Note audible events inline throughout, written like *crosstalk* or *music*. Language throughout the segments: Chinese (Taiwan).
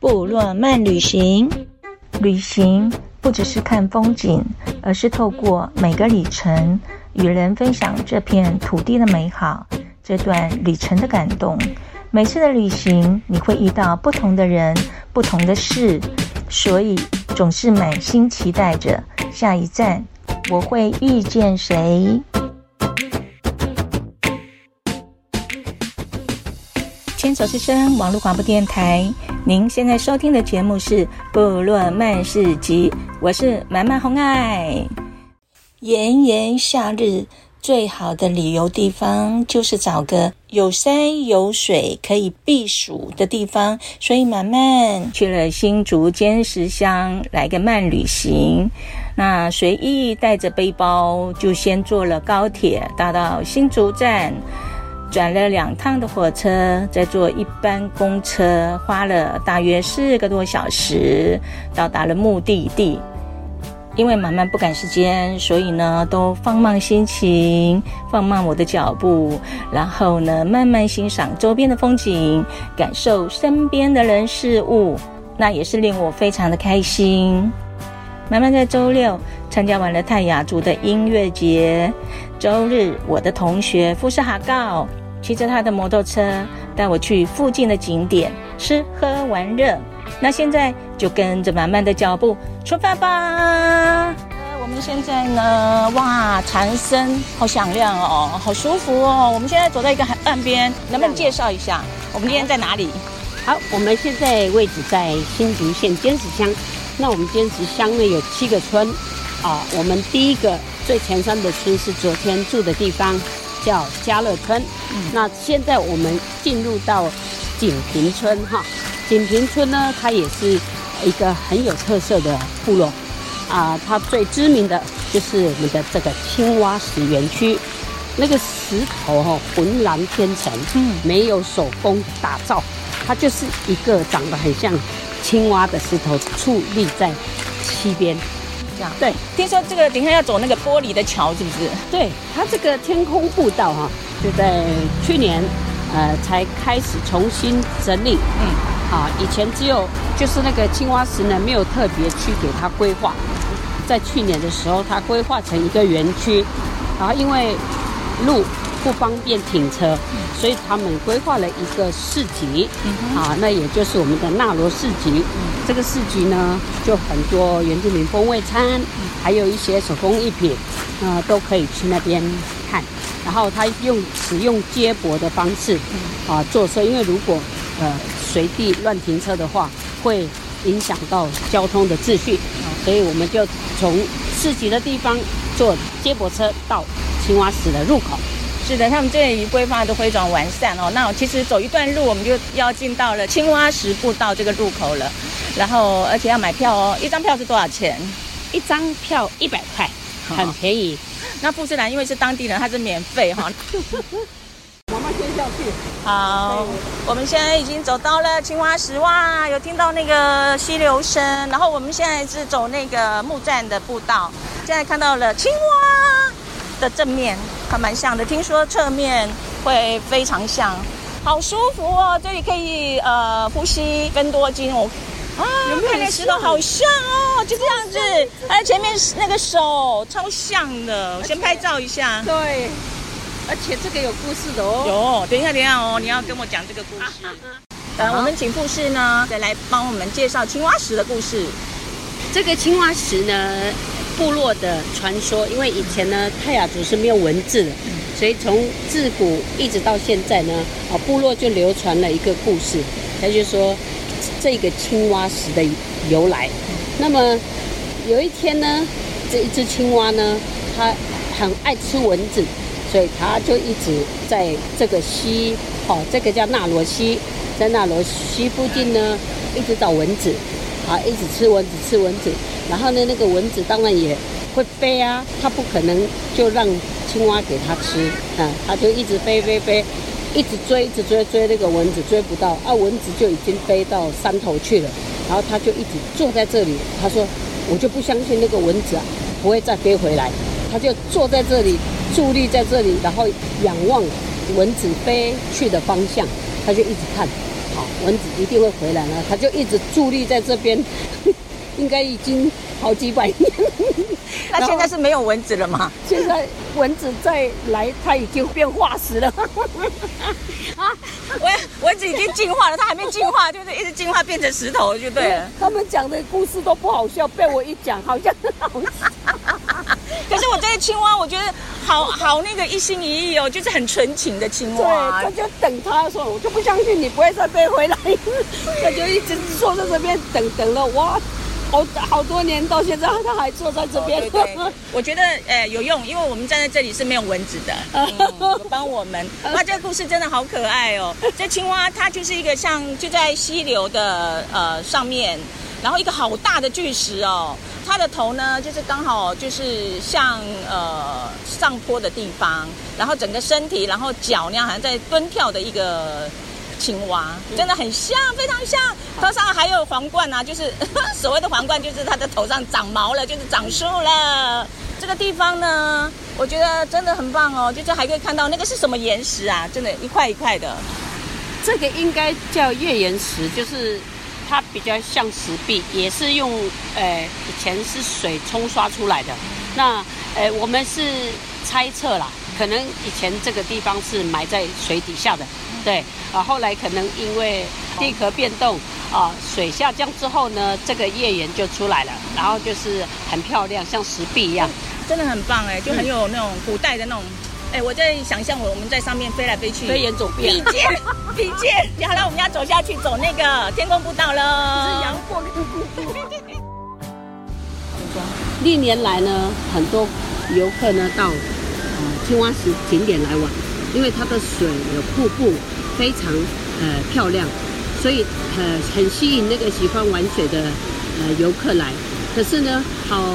部落漫旅行，旅行不只是看風景，而是透過每個里程，與人分享這片土地的美好，這段旅程的感動。每次的旅行，你會遇到不同的人。不同的事，所以總是滿心期待着下一站，我會遇見誰？牽手之聲網絡廣播電台，您現在收聽的節目是《部落漫市集》，我是滿滿紅愛。炎炎夏日，最好的旅遊地方就是找個有山有水可以避暑的地方。所以慢慢去了新竹尖石鄉，來個漫旅行。那隨意帶着背包，就先坐了高鐵，搭到新竹站，轉了兩趟的火車，再坐一班公車，花了大約四個多小時，到達了目的地。因為慢慢不趕時間，所以呢，都放慢心情，放慢我的腳步，然後呢，慢慢欣賞周邊的風景，感受身邊的人事物，那也是令我非常的開心。慢慢在周六參加完了泰雅族的音樂節，周日我的同學富士哈告騎着他的摩托車帶我去附近的景點吃喝玩樂。那現在就跟着慢慢的腳步出發吧。我們現在呢，哇，蟬聲好響亮哦，好舒服哦。我們現在走到一個海岸邊，能不能介紹一下我們今天在哪裡？好，我們現在位置在新竹縣尖石鄉。那我們尖石鄉呢，有七個村，啊，我們第一個最前山的村是昨天住的地方，叫嘉樂村。那現在我們進入到錦屏村哈。錦屏村呢，它也是一個很有特色的部落啊，呃。它最知名的就是我們的這個青蛙石園區，那個石頭哈渾然天成，嗯，沒有手工打造，它就是一個長得很像青蛙的石頭矗立在溪邊，對，聽說這個等一下要走那個玻璃的橋，是不是？對，它這個天空步道哈，就在去年，呃，才開始重新整理，嗯。啊，以前只有就是那個青蛙石呢，沒有特別去給它規劃。在去年的時候，它規劃成一個園區。啊，因為路不方便停車，所以他們規劃了一個市集。啊，那也就是我們的納羅市集。這個市集呢，就很多原住民風味餐，還有一些手工藝品，啊、呃，都可以去那邊看。然後他用使用接駁的方式，啊，坐車。因為如果呃。隨地亂停車的話，會影響到交通的秩序，所以我們就從市集的地方坐接駁車到青蛙石的入口。是的，他們這裡規劃的非常完善哦。那我其實走一段路，我們就要進到了青蛙石步道這個入口了。然後而且要買票哦，一張票是多少錢？一張票一百塊，很便宜、哦。那富士蘭因為是當地人，他是免費哈、哦。 *laughs* 好，我們現在已經走到了青蛙石哇，有聽到那個溪流聲。然後我們現在是走那個木棧的步道，現在看到了青蛙的正面，還蠻像的。聽說側面會非常像，好舒服哦，這裡可以呃呼吸芬多精哦。啊，你們看那石頭好像哦，就這樣子。哎，前面那個手超像的，我先拍照一下。對。而且這個有故事的哦，有、哦，等一下，等一下哦，嗯、你要跟我講這個故事。呃， *laughs* 我們請富士呢，再來幫我們介紹青蛙石的故事。這個青蛙石呢，部落的傳說，因為以前呢泰雅族是沒有文字的，所以從自古一直到現在呢，啊，部落就流傳了一個故事，他就說這個青蛙石的由來、嗯。那麼有一天呢，這一隻青蛙呢，它很愛吃蚊子。所以他就一直在這個溪，哦，這個叫納羅溪，在納羅溪附近呢，一直找蚊子，啊，一直吃蚊子，吃蚊子。然後呢，那個蚊子當然也會飛啊，它不可能就讓青蛙給它吃，啊，它就一直飛飛飛，一直追，一直追追，追那個蚊子，追不到啊，蚊子就已經飛到山頭去了。然後他就一直坐在這裡，他說：“我就不相信那個蚊子啊，不會再飛回來。”他就坐在這裡。佇立在這裡，然後仰望蚊子飛去的方向，他就一直看。好，蚊子一定會回來了，他就一直佇立在這邊，應該已經好幾百年。那現在是沒有蚊子了嗎？現在蚊子再來，它已經變化石了。蚊、 *laughs* 啊、蚊子已經進化了，它還沒進化，就是一直進化變成石頭，就對了。他們講的故事都不好笑，被我一講，好像是好 *laughs* 青蛙，我覺得好好那個一心一意哦，就是很純情的青蛙。對，他就等他的時候，我就不相信你不會再飛回來。 *laughs* 他就一直坐在這邊等等了哇，好好多年到現在他還坐在這邊。哦、對，對，我覺得誒有用，因為我們站在這裡是沒有蚊子的， *laughs* 嗯、我幫我們。那這個故事真的好可愛哦，這青蛙它就是一個像就在溪流的呃上面。然後一個好大的巨石哦，它的頭呢就是剛好就是像呃上坡的地方，然後整個身體，然後腳那樣好像在蹲跳的一個青蛙，真的很像，非常像。頭上還有皇冠啊，就是所謂的皇冠，就是它的頭上長毛了，就是長樹了。這個地方呢，我覺得真的很棒哦，就是還可以看到那個是什麼岩石啊，真的，一塊一塊的。這個應該叫月岩石，就是。它比較像石壁，也是用誒、呃、以前是水沖刷出來的。那誒、呃，我們是猜測啦，可能以前這個地方是埋在水底下的，嗯、對。啊，後來可能因為地殼變動啊，水下降之後呢，這個頁岩就出來了，然後就是很漂亮，像石壁一樣，嗯、真的很棒哎、欸，就很有那種古代的那種。嗯哎，我在想象我們在上面飛來飛去，飛檐走遍畢見，畢見。好了，我們要走下去，走那個天空步道了。是陽光。步步 *laughs* 歷年來呢，很多遊客呢到，呃，青蛙石景點來玩，因為它的水有瀑布，非常呃漂亮，所以呃很吸引那個喜歡玩水的呃遊客來。可是呢，好。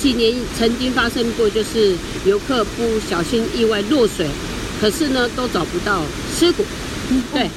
幾年曾經發生過，就是遊客不小心意外落水，可是呢都找不到屍骨。對，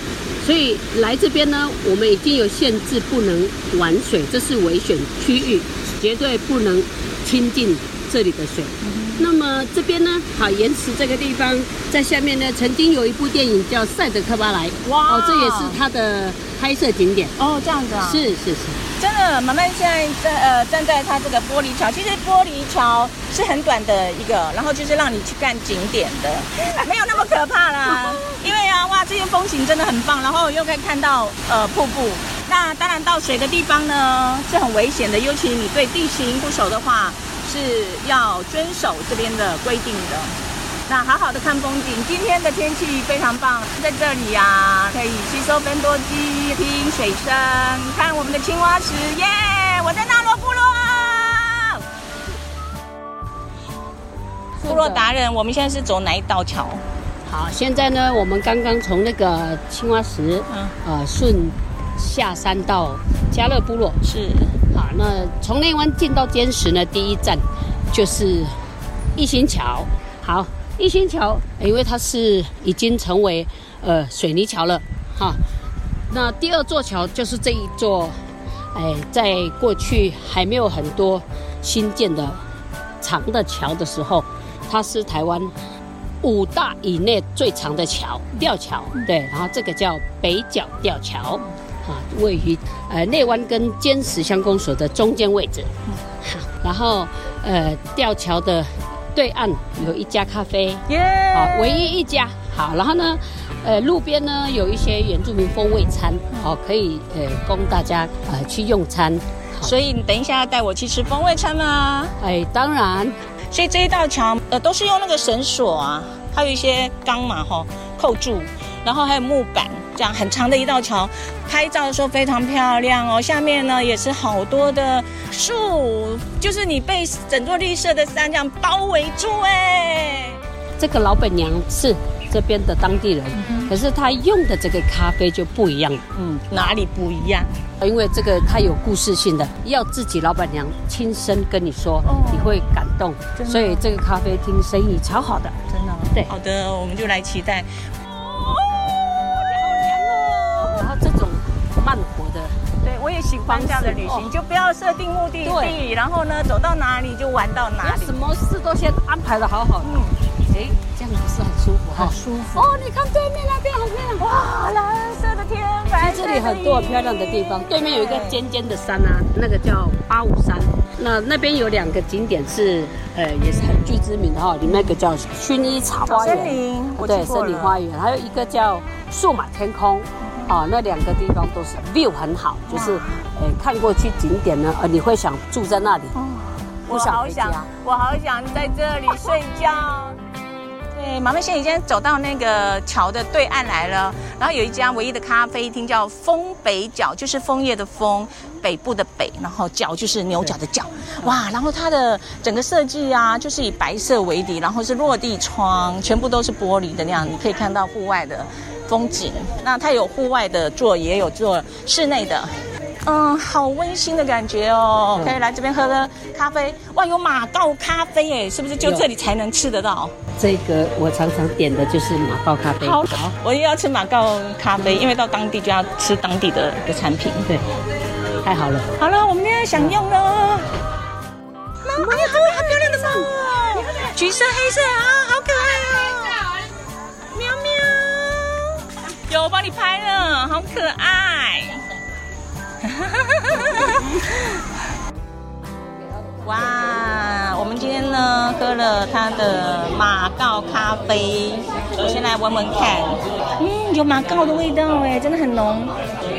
所以來這邊呢，我們已經有限制，不能玩水，這是危險區域，絕對不能親近這裡的水。嗯、那麼這邊呢，好岩池這個地方，在下面呢，曾經有一部電影叫《賽德克巴萊》。哇，哦，這也是它的拍攝景點。哦，這樣子啊。是是是。是真的，慢慢現在在呃站在它這個玻璃橋，其實玻璃橋是很短的一個，然後就是讓你去看景點的，沒有那麼可怕啦。因為啊，哇，這些風景真的很棒，然後又可以看到呃瀑布。那當然到水的地方呢是很危險的，尤其你對地形不熟的話，是要遵守這邊的規定的。那好好的看風景，今天的天氣非常棒，在這裡呀、啊、可以吸收芬多精，聽水聲，看我們的青蛙石耶，yeah! 我在納羅部落。部落達人，我們現在是走哪一道橋？好，現在呢，我們剛剛從那個青蛙石，啊呃，順下山到加樂部落是,是，好，那從內灣進到尖石呢，第一站就是一心橋，好。一心橋，因為它是已經成為呃水泥橋了，哈。那第二座橋就是這一座，哎、呃，在過去還沒有很多新建的長的橋的時候，它是台灣五大以內最長的橋——吊橋。對，然後這個叫北角吊橋，啊，位於呃內灣跟尖石鄉公所的中間位置。好，然後呃吊橋的。對岸有一家咖啡，好、Yeah，唯一一家。好，然後呢，呃，路邊呢有一些原住民風味餐，哦，可以呃供大家呃去用餐。所以你等一下要帶我去吃風味餐嗎、啊？哎，當然。所以這一道牆呃都是用那個繩索啊，還有一些鋼嘛吼、哦、扣住。然後還有木板，這樣很長的一道橋，拍照的時候非常漂亮哦。下面呢也是好多的樹，就是你被整座綠色的山這樣包圍住哎。這個老闆娘是這邊的當地人，嗯、可是她用的這個咖啡就不一樣嗯，哪裡不一樣？因為這個它有故事性的，要自己老闆娘親身跟你說，哦、你會感動。所以這個咖啡廳生意超好的，真的。對，好的，我們就來期待。然後這種慢活的。對我也喜歡這樣的旅行，哦、就不要設定目的地，然後呢走到哪裡就玩到哪裡，什麼事都先安排得好好的。哎、嗯，這樣子是很舒服，嗯、好舒服。哦，你看對面那邊很漂亮，哇，藍色的天，白這裡很多漂亮的地方，對面有一個尖尖的山啊，那個叫八五山。那那邊有兩個景點是，呃，也是很具知名的哈、哦，裡面一個叫薰衣草花園，對，森林花園，還有一個叫數碼天空。哦，那兩個地方都是 view 很好，啊、就是，誒、呃，看過去景點呢，呃，你會想住在那裡。嗯、我好想，想，我好想在這裡睡覺。 *laughs* 對，媽媽現在已經走到那個橋的對岸來了，然後有一家唯一的咖啡廳叫楓北角，就是楓葉的楓，北部的北，然後角就是牛角的角。哇，然後它的整個設計啊，就是以白色為底，然後是落地窗，全部都是玻璃的那樣，你可以看到戶外的。風景，那它有戶外的座也有做室內的，嗯，好溫馨的感覺哦。嗯、可以來這邊喝個咖啡，哇，有馬告咖啡哎，是不是就這裡才能吃得到？這個我常常點的就是馬告咖啡。好，我也要吃馬告咖啡，嗯，因為到當地就要吃當地的一個產品。對，太好了。好了，我們來享用了。媽、嗯哎、呀，好很漂亮的哦、嗯，橘色、黑色啊，好可愛。有我幫你拍了，好可愛！哈哈哈哈哈！哇，我們今天呢，喝了它的馬告咖啡，我先來聞聞看，嗯，有馬告的味道哎，真的很濃。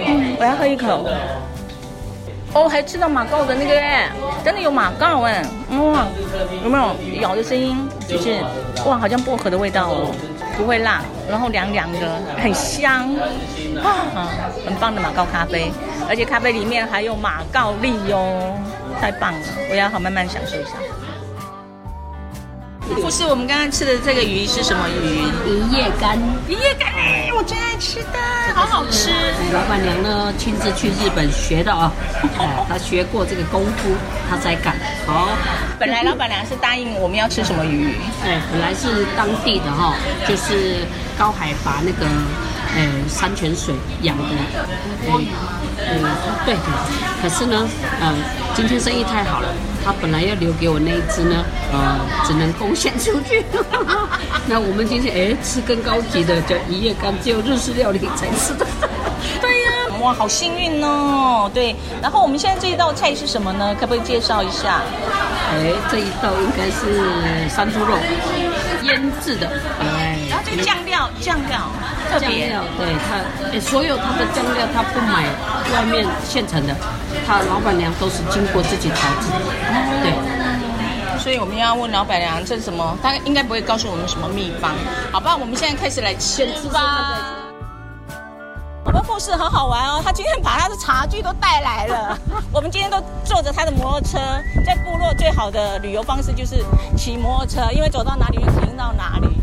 嗯，我要喝一口。哦，還吃到馬告的那個哎，真的有馬告哎，哇、嗯，有沒有咬的聲音？就是哇，好像薄荷的味道哦。不會辣，然後涼涼的，很香啊，很棒的馬告咖啡，而且咖啡裡面還有馬告粒喲、哦，太棒了，我要好慢慢享受一下。不是我們剛剛吃的這個魚是什麼魚？銀葉干，銀葉干，哎，我最愛吃的，好好吃。老闆娘呢，親自去日本學的啊、哦，哎、哦嗯，她學過這個功夫，她才敢。哦。本來老闆娘是答應我們要吃什麼魚？哎、嗯嗯，本來是當地的哈、哦，就是高海拔那個，哎、嗯，山泉水養的。哎、嗯，嗯，對。可是呢，嗯，今天生意太好了。他本來要留給我那一隻呢？呃，只能貢獻出去。 *laughs* 那我們今天哎吃更高級的叫一夜干，就日式料理，才吃的。對呀，哇，好幸運哦。對，然後我們現在這一道菜是什麼呢？可不可以介紹一下？哎，這一道應該是山豬肉醃製的，哎，然後這個醬料。嗯醬料，醬料，對他、欸，所有他的醬料他不買外面現成的，他老闆娘都是經過自己調製，對，所以我們要問老闆娘這是什麼，他應該不會告訴我們什麼秘方，好吧，我們現在開始來吃吧。我們富士很好玩哦，他今天把他的茶具都帶來了， *laughs* 我們今天都坐着他的摩托車，在部落最好的旅遊方式就是騎摩托車，因為走到哪裡就停到哪裡。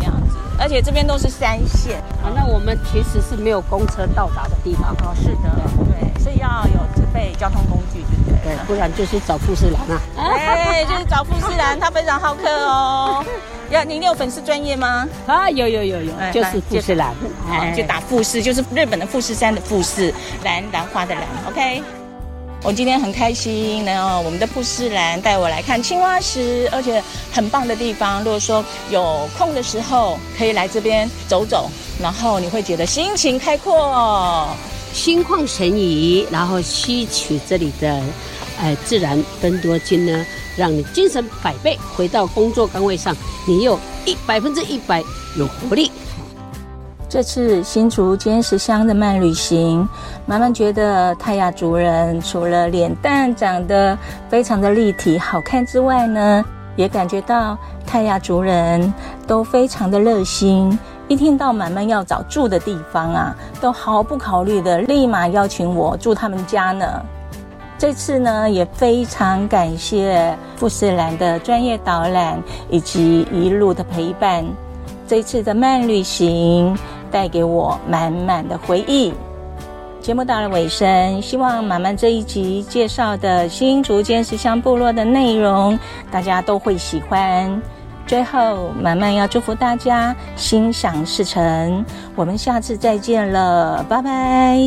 而且這邊都是三線啊，那我們其實是沒有公車到達的地方啊。是的對，對，所以要有自備交通工具對，對不對？不然就是找富士蘭啊。哎、 *laughs* 欸，就是找富士蘭，他非常好客哦。要您有粉絲專頁嗎？啊，有有有有，欸、就是富士蘭、欸，就打富士，就是日本的富士山的富士蘭，蘭花的蘭。OK。我今天很開心，然後我們的富士蘭帶我來看青蛙石，而且很棒的地方。如果說有空的時候，可以來這邊走走，然後你會覺得心情開闊，心曠神怡，然後吸取這裡的，呃，自然芬多精呢，讓你精神百倍，回到工作崗位上，你有一百分之一百有活力。這次新竹尖石鄉的漫旅行，滿滿覺得泰雅族人除了臉蛋長得非常的立體好看之外呢，也感覺到泰雅族人都非常的熱心。一聽到滿滿要找住的地方啊，都毫不考慮的立馬邀請我住他們家呢。這次呢也非常感謝富士蘭的專業導覽以及一路的陪伴。這次的漫旅行，帶給我滿滿的回憶。節目到了尾聲，希望滿滿這一集介紹的新竹尖石鄉部落的內容，大家都會喜歡。最後，滿滿要祝福大家心想事成。我們下次再見了，拜拜。